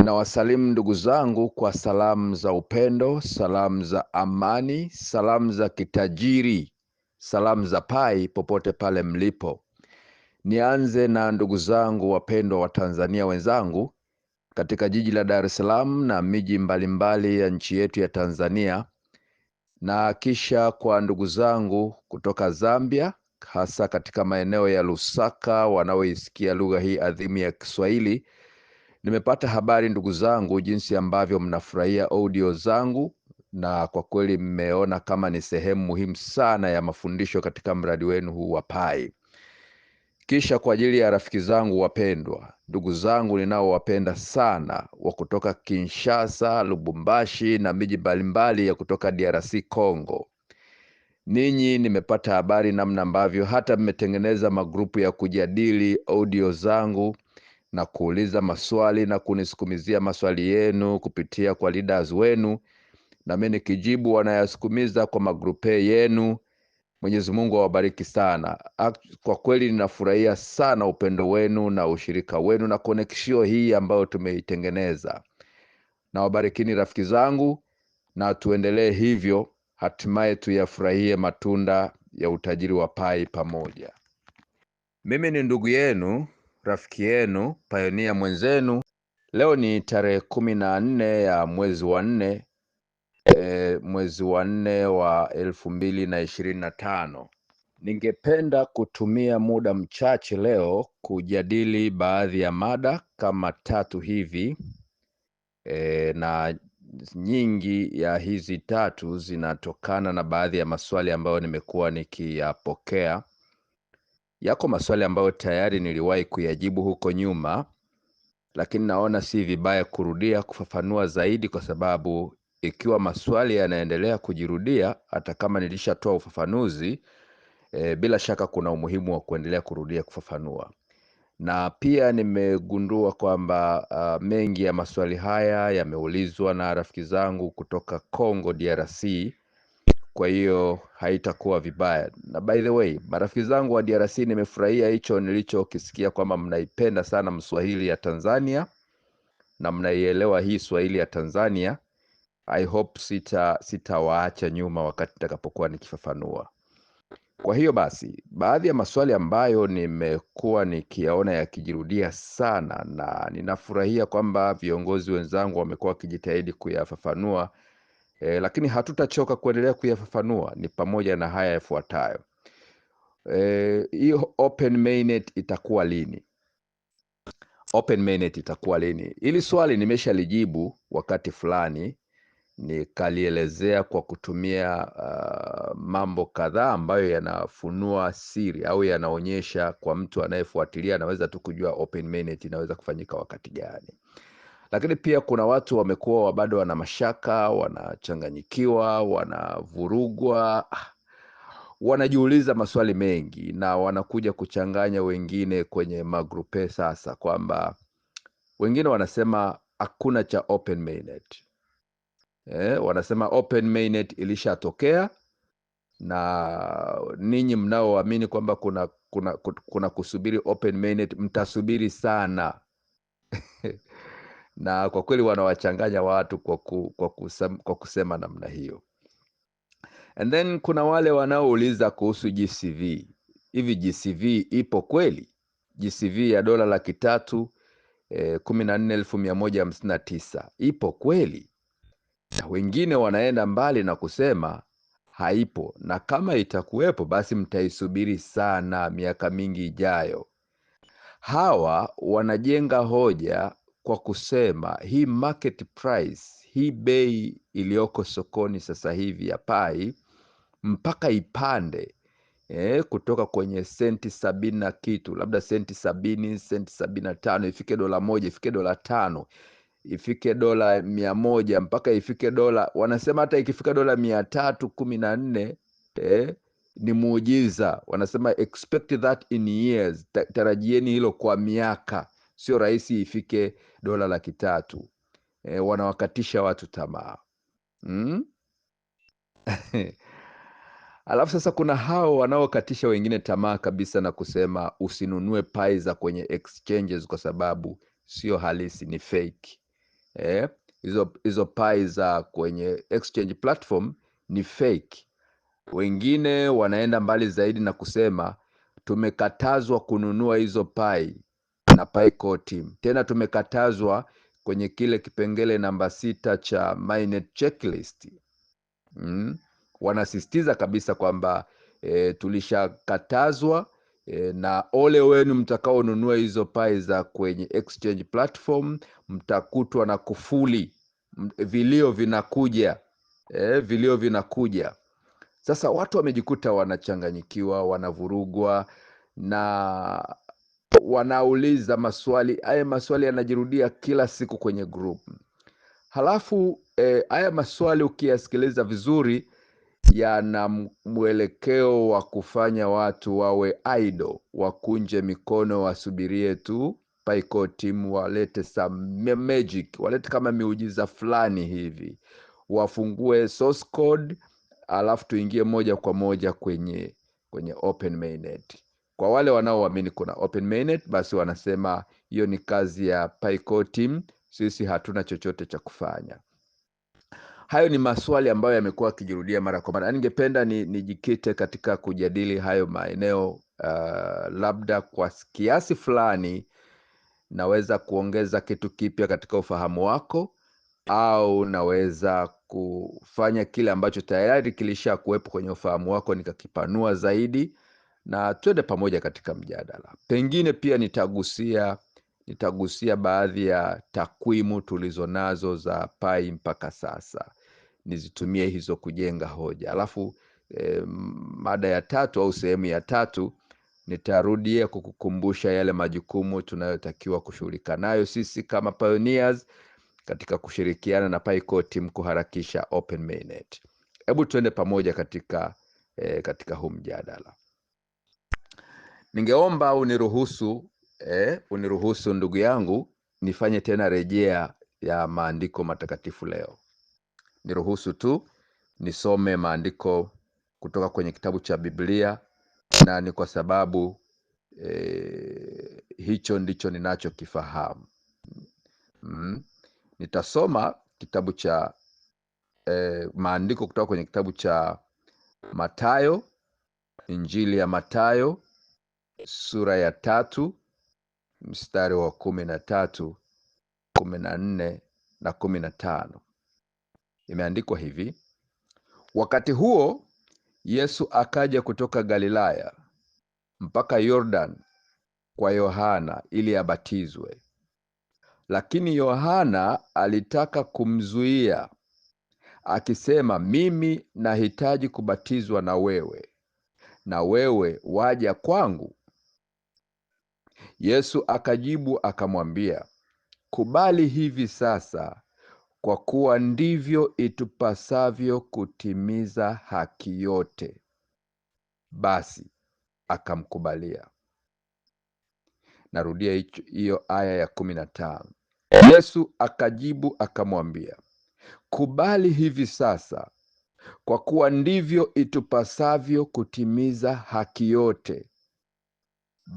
Ninawasalimu ndugu zangu kwa salamu za upendo, salamu za amani, salamu za kitajiri, salamu za pai popote pale mlipo. Nianze na ndugu zangu wapendwa wa Tanzania wenzangu katika jiji la Dar es Salaam na miji mbalimbali ya nchi yetu ya Tanzania, na kisha kwa ndugu zangu kutoka Zambia, hasa katika maeneo ya Lusaka wanaoisikia lugha hii adhimu ya Kiswahili Nimepata habari ndugu zangu, jinsi ambavyo mnafurahia audio zangu, na kwa kweli mmeona kama ni sehemu muhimu sana ya mafundisho katika mradi wenu huu wa Pai. Kisha kwa ajili ya rafiki zangu wapendwa, ndugu zangu ninaowapenda sana wa kutoka Kinshasa, Lubumbashi na miji mbalimbali ya kutoka DRC Congo, ninyi nimepata habari namna ambavyo hata mmetengeneza magrupu ya kujadili audio zangu na kuuliza maswali na kunisukumizia maswali yenu kupitia kwa leaders wenu, nami nikijibu wanayasukumiza kwa magrupe yenu. Mwenyezi Mungu awabariki sana. Kwa kweli ninafurahia sana upendo wenu na ushirika wenu na konekshio hii ambayo tumeitengeneza. Nawabarikini rafiki zangu, na tuendelee hivyo, hatimaye tuyafurahie matunda ya utajiri wa Pai pamoja. Mimi ni ndugu yenu rafiki yenu pionia mwenzenu. Leo ni tarehe kumi na nne ya mwezi wa nne e, mwezi wa nne wa elfu mbili na ishirini na tano. Ningependa kutumia muda mchache leo kujadili baadhi ya mada kama tatu hivi e, na nyingi ya hizi tatu zinatokana na baadhi ya maswali ambayo nimekuwa nikiyapokea yako maswali ambayo tayari niliwahi kuyajibu huko nyuma, lakini naona si vibaya kurudia kufafanua zaidi, kwa sababu ikiwa maswali yanaendelea kujirudia hata kama nilishatoa ufafanuzi e, bila shaka kuna umuhimu wa kuendelea kurudia kufafanua. Na pia nimegundua kwamba uh, mengi ya maswali haya yameulizwa na rafiki zangu kutoka Congo DRC kwa hiyo haitakuwa vibaya. Na by the way, marafiki zangu wa DRC, nimefurahia hicho nilichokisikia kwamba mnaipenda sana Mswahili ya Tanzania na mnaielewa hii Swahili ya Tanzania. I hope sita sitawaacha nyuma wakati nitakapokuwa nikifafanua. Kwa hiyo basi, baadhi ya maswali ambayo nimekuwa nikiyaona yakijirudia sana, na ninafurahia kwamba viongozi wenzangu wamekuwa wakijitahidi kuyafafanua e, lakini hatutachoka kuendelea kuyafafanua. Ni pamoja na haya yafuatayo. Eh, Hii e, open mainnet itakuwa lini? Open mainnet itakuwa lini? Hili swali nimeshalijibu wakati fulani, nikalielezea kwa kutumia uh, mambo kadhaa ambayo yanafunua siri au yanaonyesha kwa mtu anayefuatilia, anaweza tu kujua open mainnet inaweza kufanyika wakati gani. Lakini pia kuna watu wamekuwa bado wana mashaka, wanachanganyikiwa, wanavurugwa, wanajiuliza maswali mengi na wanakuja kuchanganya wengine kwenye magrupe. Sasa kwamba wengine wanasema hakuna cha open mainnet. Eh, wanasema open mainnet ilishatokea na ninyi mnaoamini kwamba kuna, kuna, kuna kusubiri open mainnet mtasubiri sana na kwa kweli wanawachanganya watu kwa, ku, kwa, kusema, kwa kusema namna hiyo. And then kuna wale wanaouliza kuhusu GCV. Hivi GCV ipo kweli? GCV ya dola laki tatu eh, kumi na nne elfu mia moja hamsini na tisa ipo kweli? Na wengine wanaenda mbali na kusema haipo, na kama itakuwepo basi mtaisubiri sana miaka mingi ijayo. Hawa wanajenga hoja kwa kusema hii market price, hii bei iliyoko sokoni sasa hivi ya pai mpaka ipande eh, kutoka kwenye senti sabini na kitu labda senti sabini senti sabini na tano ifike dola moja ifike dola tano ifike dola mia moja mpaka ifike dola, wanasema hata ikifika dola mia tatu kumi na nne eh, ni muujiza. Wanasema expect that in years, tarajieni hilo kwa miaka sio rahisi ifike dola laki tatu. E, wanawakatisha watu tamaa mm? Alafu sasa kuna hao wanaokatisha wengine tamaa kabisa na kusema usinunue pai za kwenye exchanges kwa sababu sio halisi, ni fake. E, hizo hizo pai za kwenye exchange platform ni fake. Wengine wanaenda mbali zaidi na kusema tumekatazwa kununua hizo pai na PICO team. Tena tumekatazwa kwenye kile kipengele namba sita cha Mainnet checklist mm. Wanasisitiza kabisa kwamba e, tulishakatazwa e, na ole wenu mtakaonunua hizo pai za kwenye exchange platform, mtakutwa na kufuli. Vilio vinakuja e, vilio vinakuja. Sasa watu wamejikuta wanachanganyikiwa, wanavurugwa na wanauliza maswali haya maswali yanajirudia kila siku kwenye group halafu eh, haya eh, maswali ukiyasikiliza vizuri yana mwelekeo wa kufanya watu wawe aido wakunje mikono wasubirie tu paiko timu walete some magic walete kama miujiza fulani hivi wafungue source code alafu tuingie moja kwa moja kwenye kwenye open mainnet kwa wale wanaoamini kuna open mainnet, basi wanasema hiyo ni kazi ya PICO team, sisi hatuna chochote cha kufanya. Hayo ni maswali ambayo yamekuwa yakijirudia mara kwa mara. Ningependa nijikite ni katika kujadili hayo maeneo uh, labda kwa kiasi fulani naweza kuongeza kitu kipya katika ufahamu wako au naweza kufanya kile ambacho tayari kilisha kuwepo kwenye ufahamu wako nikakipanua zaidi na twende pamoja katika mjadala. Pengine pia nitagusia nitagusia baadhi ya takwimu tulizonazo za Pai mpaka sasa, nizitumie hizo kujenga hoja. Alafu eh, mada ya tatu au sehemu ya tatu nitarudia kukukumbusha yale majukumu tunayotakiwa kushughulika nayo sisi kama pioneers katika kushirikiana na Pai kuharakisha Open Mainnet. Hebu tuende pamoja katika eh, katika huu mjadala. Ningeomba uniruhusu eh, uniruhusu ndugu yangu nifanye tena rejea ya maandiko matakatifu leo. Niruhusu tu nisome maandiko kutoka kwenye kitabu cha Biblia, na ni kwa sababu eh, hicho ndicho ninachokifahamu. Mm. Nitasoma kitabu cha eh, maandiko kutoka kwenye kitabu cha matayo Injili ya matayo sura ya tatu mstari wa kumi na tatu kumi na nne na kumi na tano imeandikwa hivi: wakati huo Yesu akaja kutoka Galilaya mpaka Yordan kwa Yohana ili abatizwe, lakini Yohana alitaka kumzuia akisema, mimi nahitaji kubatizwa na wewe, na wewe waja kwangu? Yesu akajibu akamwambia, kubali hivi sasa, kwa kuwa ndivyo itupasavyo kutimiza haki yote. Basi akamkubalia. Narudia hiyo aya ya kumi na tano. Yesu akajibu akamwambia, kubali hivi sasa, kwa kuwa ndivyo itupasavyo kutimiza haki yote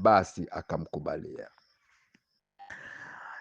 basi akamkubalia.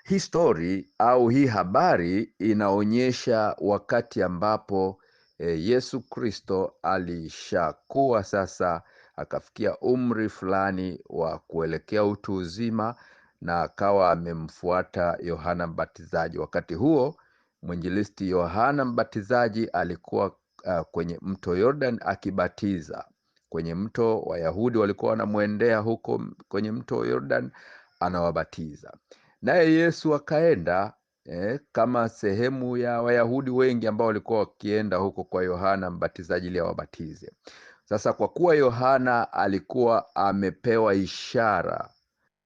Hii stori au hii habari inaonyesha wakati ambapo e, Yesu Kristo alishakuwa sasa akafikia umri fulani wa kuelekea utu uzima na akawa amemfuata Yohana Mbatizaji. Wakati huo mwinjilisti Yohana Mbatizaji alikuwa uh, kwenye mto Yordan akibatiza kwenye mto. Wayahudi walikuwa wanamwendea huko kwenye mto Yordan anawabatiza, naye Yesu akaenda eh, kama sehemu ya Wayahudi wengi ambao walikuwa wakienda huko kwa Yohana Mbatizaji ili awabatize. Sasa kwa kuwa Yohana alikuwa amepewa ishara,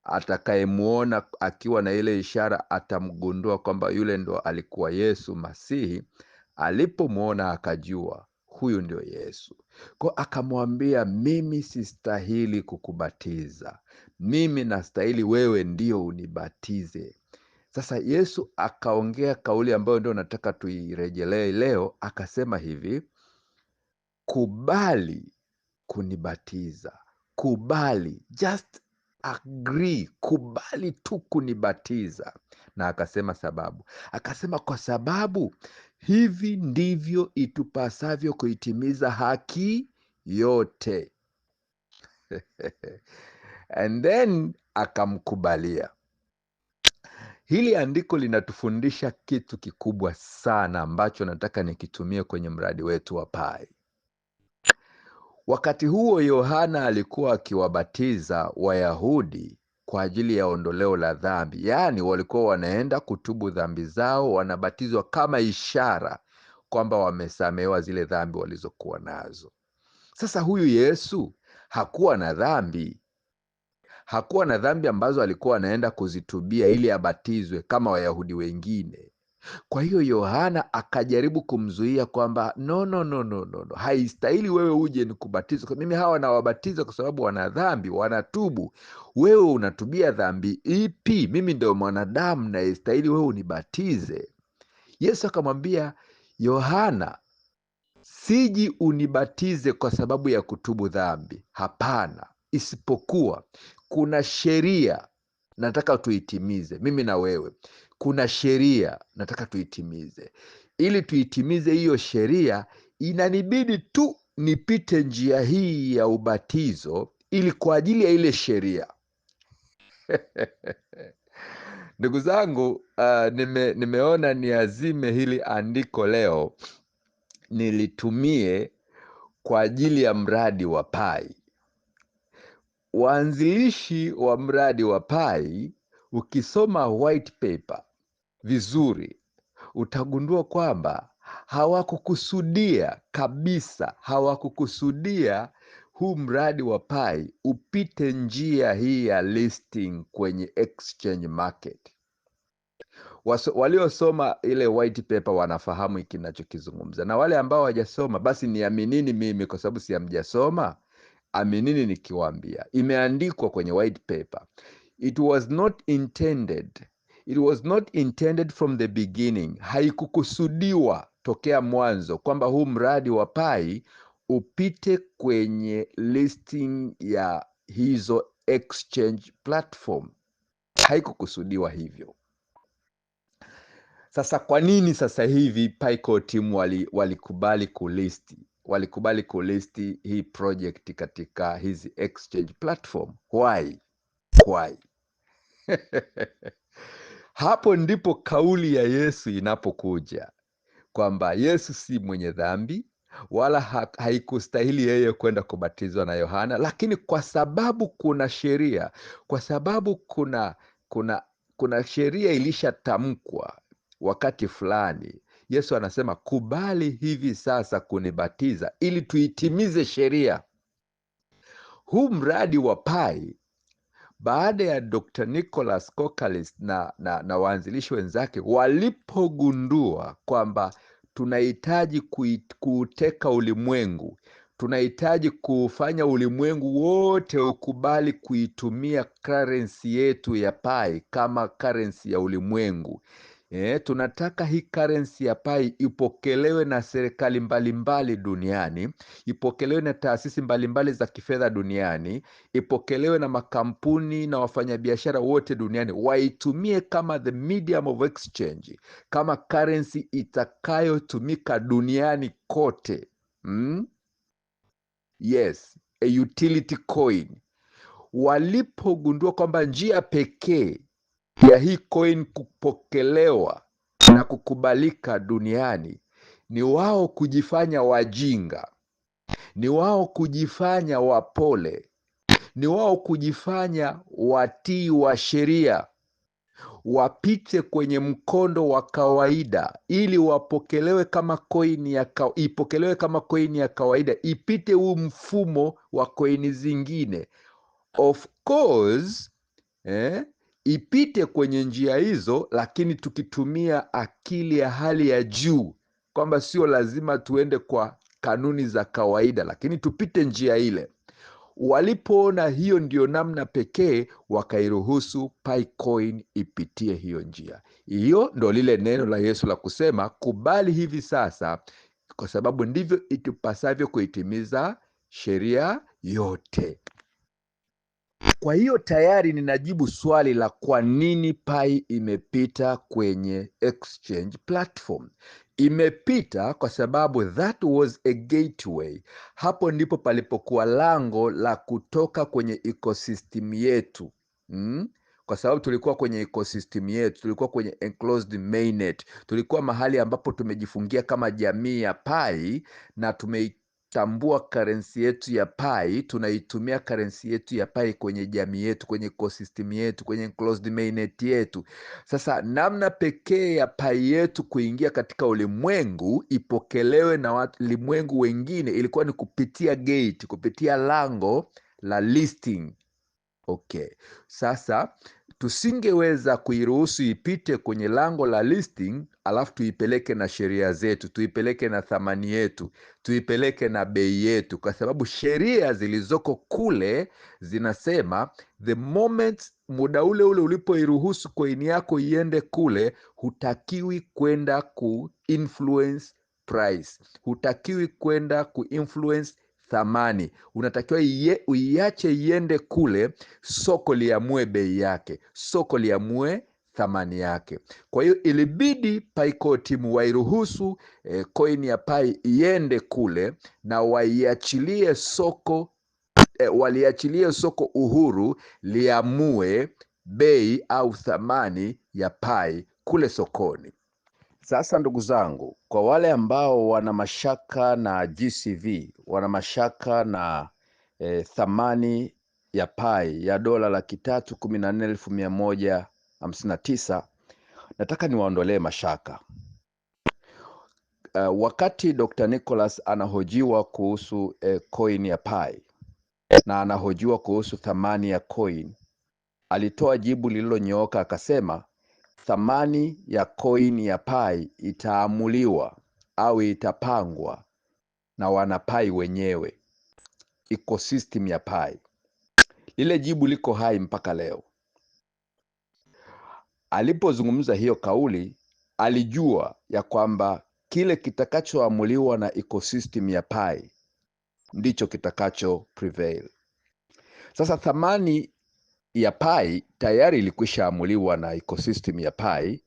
atakayemwona akiwa na ile ishara atamgundua kwamba yule ndo alikuwa Yesu Masihi. Alipomwona akajua huyu ndio Yesu. Kwa akamwambia, mimi sistahili kukubatiza, mimi nastahili wewe ndio unibatize. Sasa Yesu akaongea kauli ambayo ndio nataka tuirejelee leo, akasema hivi, kubali kunibatiza, kubali, just agree, kubali tu kunibatiza. Na akasema sababu, akasema kwa sababu Hivi ndivyo itupasavyo kuitimiza haki yote. And then akamkubalia. Hili andiko linatufundisha kitu kikubwa sana ambacho nataka nikitumie kwenye mradi wetu wa Pai. Wakati huo Yohana alikuwa akiwabatiza Wayahudi kwa ajili ya ondoleo la dhambi, yaani walikuwa wanaenda kutubu dhambi zao, wanabatizwa kama ishara kwamba wamesamehewa zile dhambi walizokuwa nazo. Sasa huyu Yesu hakuwa na dhambi, hakuwa na dhambi ambazo alikuwa anaenda kuzitubia ili abatizwe kama Wayahudi wengine. Kwa hiyo Yohana akajaribu kumzuia kwamba no, no, no, no, no, haistahili wewe uje nikubatize mimi. Hawa nawabatiza kwa sababu wana dhambi, wanatubu. Wewe unatubia dhambi ipi? Mimi ndio mwanadamu nayestahili wewe unibatize? Yesu akamwambia Yohana, siji unibatize kwa sababu ya kutubu dhambi, hapana, isipokuwa kuna sheria nataka tuitimize mimi na wewe kuna sheria nataka tuitimize. Ili tuitimize hiyo sheria, inanibidi tu nipite njia hii ya ubatizo, ili kwa ajili ya ile sheria Ndugu zangu, uh, nime, nimeona niazime hili andiko leo nilitumie kwa ajili ya mradi wa Pai. Waanzilishi wa mradi wa Pai, ukisoma white paper vizuri utagundua kwamba hawakukusudia kabisa, hawakukusudia huu mradi wa pai upite njia hii ya listing kwenye exchange market. Waliosoma ile white paper wanafahamu kinachokizungumza, na wale ambao wajasoma basi niaminini mimi, kwa sababu si amjasoma aminini nikiwaambia, imeandikwa kwenye white paper. It was not intended It was not intended from the beginning, haikukusudiwa tokea mwanzo kwamba huu mradi wa pai upite kwenye listing ya hizo exchange platform. Haikukusudiwa hivyo. Sasa kwa nini sasa hivi PICO team wali, walikubali kulisti walikubali kulisti hii project katika hizi exchange platform? Why? Why? Hapo ndipo kauli ya Yesu inapokuja kwamba Yesu si mwenye dhambi wala ha haikustahili yeye kwenda kubatizwa na Yohana, lakini kwa sababu kuna sheria, kwa sababu kuna kuna kuna sheria ilishatamkwa wakati fulani, Yesu anasema kubali hivi sasa kunibatiza ili tuitimize sheria. Huu mradi wa pai baada ya Dr. Nicholas Kokalis na, na, na waanzilishi wenzake walipogundua kwamba tunahitaji kuuteka ulimwengu, tunahitaji kufanya ulimwengu wote ukubali kuitumia karensi yetu ya pai kama karensi ya ulimwengu. E, tunataka hii currency ya pai ipokelewe na serikali mbalimbali duniani, ipokelewe na taasisi mbalimbali za kifedha duniani, ipokelewe na makampuni na wafanyabiashara wote duniani, waitumie kama the medium of exchange, kama currency itakayotumika duniani kote mm? Yes, a utility coin. Walipogundua kwamba njia pekee ya hii coin kupokelewa na kukubalika duniani ni wao kujifanya wajinga, ni wao kujifanya wapole, ni wao kujifanya watii wa sheria, wapite kwenye mkondo wa kawaida ili wapokelewe kama koini ya ka, ipokelewe kama koini ya kawaida, ipite huu mfumo wa koini zingine. Of course eh, ipite kwenye njia hizo, lakini tukitumia akili ya hali ya juu, kwamba sio lazima tuende kwa kanuni za kawaida, lakini tupite njia ile. Walipoona hiyo ndio namna pekee, wakairuhusu Picoin ipitie hiyo njia. Hiyo ndo lile neno la Yesu la kusema kubali hivi sasa, kwa sababu ndivyo itupasavyo kuitimiza sheria yote. Kwa hiyo tayari ninajibu swali la kwa nini Pi imepita kwenye exchange platform. Imepita kwa sababu that was a gateway. Hapo ndipo palipokuwa lango la kutoka kwenye ecosystem yetu. Hmm? Kwa sababu tulikuwa kwenye ecosystem yetu, tulikuwa kwenye enclosed mainnet, tulikuwa mahali ambapo tumejifungia kama jamii ya Pi na tume tambua karensi yetu ya pai tunaitumia karensi yetu ya pai kwenye jamii yetu kwenye ecosystem yetu kwenye closed mainnet yetu sasa namna pekee ya pai yetu kuingia katika ulimwengu ipokelewe na walimwengu wengine ilikuwa ni kupitia gate kupitia lango la listing okay sasa tusingeweza kuiruhusu ipite kwenye lango la listing alafu tuipeleke na sheria zetu tuipeleke na thamani yetu tuipeleke na bei yetu kwa sababu sheria zilizoko kule zinasema the moment muda ule ule ulipoiruhusu koini yako iende kule hutakiwi kwenda ku influence price hutakiwi kwenda ku influence thamani. Unatakiwa uiache iende kule, soko liamue bei yake, soko liamue thamani yake. Kwa hiyo ilibidi Paiko timu wairuhusu e, eh, koini ya pai iende kule na waiachilie soko e, waliachilie soko uhuru liamue bei au thamani ya pai kule sokoni. Sasa ndugu zangu, kwa wale ambao wana mashaka na GCV wana mashaka na e, thamani ya pai ya dola laki tatu kumi na nne elfu mia moja hamsini na tisa. Nataka niwaondolee mashaka. Uh, wakati Dr. Nicholas anahojiwa kuhusu e, coin ya pai na anahojiwa kuhusu thamani ya coin, alitoa jibu lililonyooka akasema, thamani ya coin ya pai itaamuliwa au itapangwa na wana pai wenyewe, ecosystem ya pai. Lile jibu liko hai mpaka leo. Alipozungumza hiyo kauli, alijua ya kwamba kile kitakachoamuliwa na ecosystem ya pai ndicho kitakacho prevail. Sasa thamani ya pai tayari ilikwishaamuliwa amuliwa na ecosystem ya pai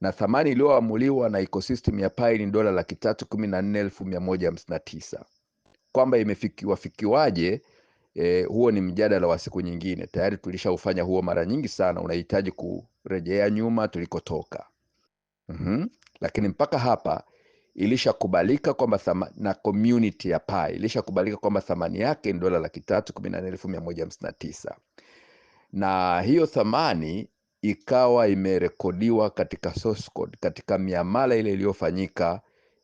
na thamani iliyoamuliwa na ecosystem ya Pai ni dola laki tatu kumi na nne elfu mia moja hamsini na tisa kwamba imefikiwafikiwaje? E, huo ni mjadala wa siku nyingine, tayari tulishaufanya huo mara nyingi sana. Unahitaji kurejea nyuma tulikotoka. mm -hmm. Lakini mpaka hapa ilishakubalika kwamba na community ya Pai ilishakubalika kwamba thamani yake ni dola laki tatu kumi na nne elfu mia moja hamsini na tisa na hiyo thamani ikawa imerekodiwa katika source code, katika miamala ile iliyofanyika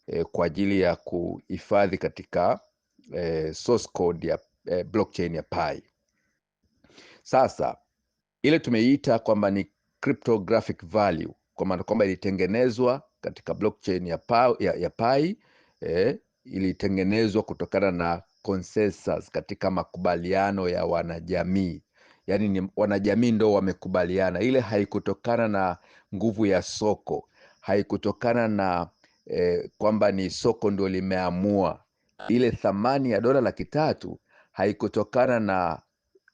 eh, kwa ajili ya kuhifadhi katika eh, source code ya eh, blockchain ya Pi. Sasa ile tumeiita kwamba ni cryptographic value, kwa maana kwamba ilitengenezwa katika blockchain ya Pi, ya, ya Pi eh, ilitengenezwa kutokana na consensus katika makubaliano ya wanajamii yani ni wanajamii ndo wamekubaliana. Ile haikutokana na nguvu ya soko, haikutokana na eh, kwamba ni soko ndio limeamua. Ile thamani ya dola laki tatu haikutokana na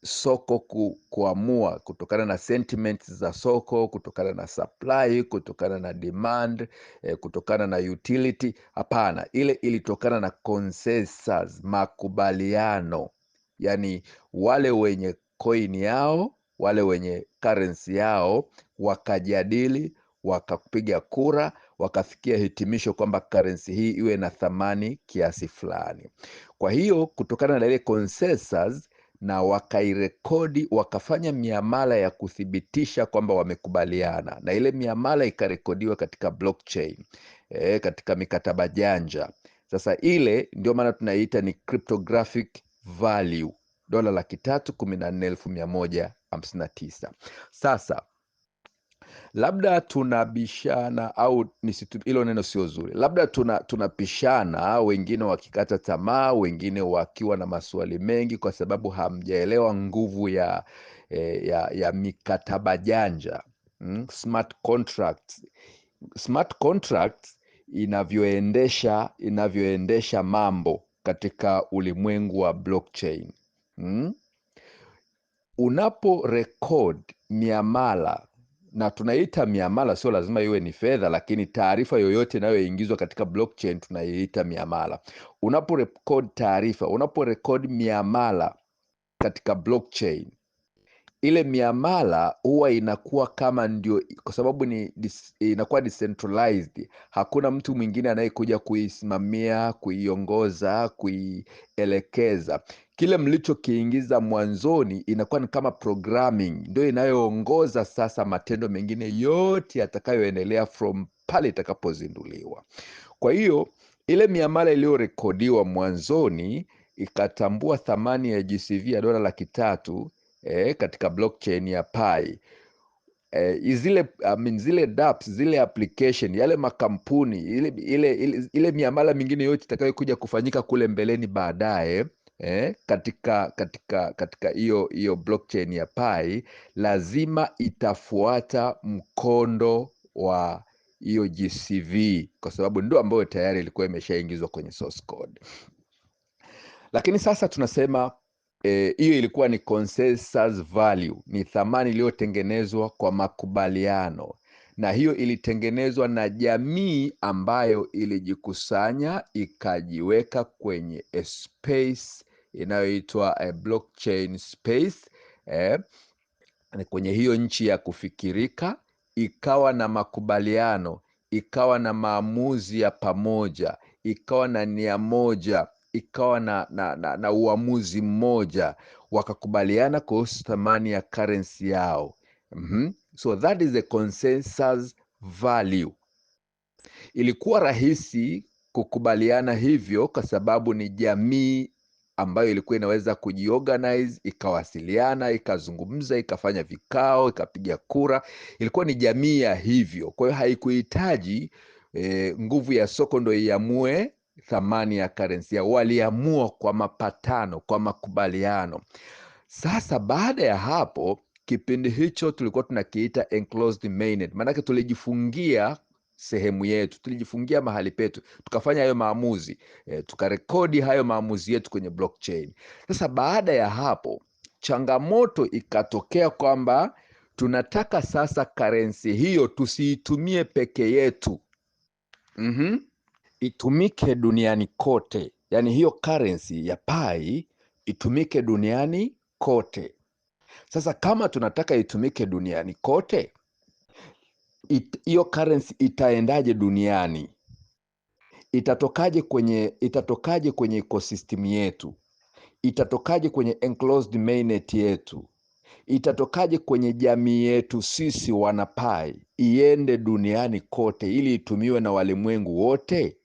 soko ku, kuamua kutokana na sentiment za soko, kutokana na supply, kutokana na demand eh, kutokana na utility. Hapana, ile ilitokana na consensus, makubaliano, yani wale wenye coin yao, wale wenye currency yao, wakajadili, wakapiga kura, wakafikia hitimisho kwamba currency hii iwe na thamani kiasi fulani. Kwa hiyo kutokana na ile consensus na wakairekodi, wakafanya miamala ya kuthibitisha kwamba wamekubaliana, na ile miamala ikarekodiwa katika blockchain, e, katika mikataba janja. Sasa ile ndio maana tunaiita ni cryptographic value dola laki tatu kumi na nne elfu mia moja hamsini na tisa. Sasa labda tunabishana au hilo neno sio zuri, labda tuna tunapishana, wengine wakikata tamaa, wengine wakiwa na maswali mengi, kwa sababu hamjaelewa nguvu ya, eh, ya, ya mikataba janja mm? smart contracts. Smart contracts inavyoendesha inavyoendesha mambo katika ulimwengu wa blockchain hmm? Unapo record miamala na tunaita miamala, sio lazima iwe ni fedha, lakini taarifa yoyote inayoingizwa katika blockchain tunaiita miamala. Unapo record taarifa, unapo record miamala katika blockchain ile miamala huwa inakuwa kama ndio, kwa sababu ni inakuwa decentralized. Hakuna mtu mwingine anayekuja kuisimamia, kuiongoza, kuielekeza. Kile mlichokiingiza mwanzoni inakuwa ni kama programming, ndio inayoongoza sasa matendo mengine yote yatakayoendelea from pale itakapozinduliwa. Kwa hiyo ile miamala iliyorekodiwa mwanzoni ikatambua thamani ya GCV ya dola laki tatu e, katika blockchain ya pai e, eh, zile, I mean, zile dApps, zile application yale makampuni ile, ile, ile, ile miamala mingine yote itakayokuja kufanyika kule mbeleni baadaye eh, katika katika katika hiyo hiyo blockchain ya pai lazima itafuata mkondo wa hiyo GCV kwa sababu ndio ambayo tayari ilikuwa imeshaingizwa kwenye source code. Lakini sasa tunasema Eh, hiyo e, ilikuwa ni consensus value, ni thamani iliyotengenezwa kwa makubaliano, na hiyo ilitengenezwa na jamii ambayo ilijikusanya ikajiweka kwenye a space inayoitwa a blockchain space eh, kwenye hiyo nchi ya kufikirika, ikawa na makubaliano, ikawa na maamuzi ya pamoja, ikawa na nia moja ikawa na, na, na, na uamuzi mmoja wakakubaliana kuhusu thamani ya currency yao mm -hmm. so that is the consensus value. Ilikuwa rahisi kukubaliana hivyo kwa sababu ni jamii ambayo ilikuwa inaweza kujiorganize ikawasiliana ikazungumza ikafanya vikao ikapiga kura. Ilikuwa ni jamii ya hivyo, kwa hiyo haikuhitaji eh, nguvu ya soko ndo iamue thamani ya karensia, waliamua kwa mapatano, kwa makubaliano. Sasa baada ya hapo, kipindi hicho tulikuwa tunakiita enclosed maanake tulijifungia sehemu yetu, tulijifungia mahali petu, tukafanya hayo maamuzi e, tukarekodi hayo maamuzi yetu kwenye blockchain. Sasa baada ya hapo, changamoto ikatokea kwamba tunataka sasa karensi hiyo tusiitumie peke yetu. mm -hmm itumike duniani kote, yaani hiyo currency ya pai itumike duniani kote. Sasa kama tunataka itumike duniani kote, hiyo it, currency itaendaje duniani? Itatokaje kwenye itatokaje kwenye ecosystem yetu? Itatokaje kwenye enclosed mainnet yetu? Itatokaje kwenye jamii yetu sisi wanapai, iende duniani kote ili itumiwe na walimwengu wote?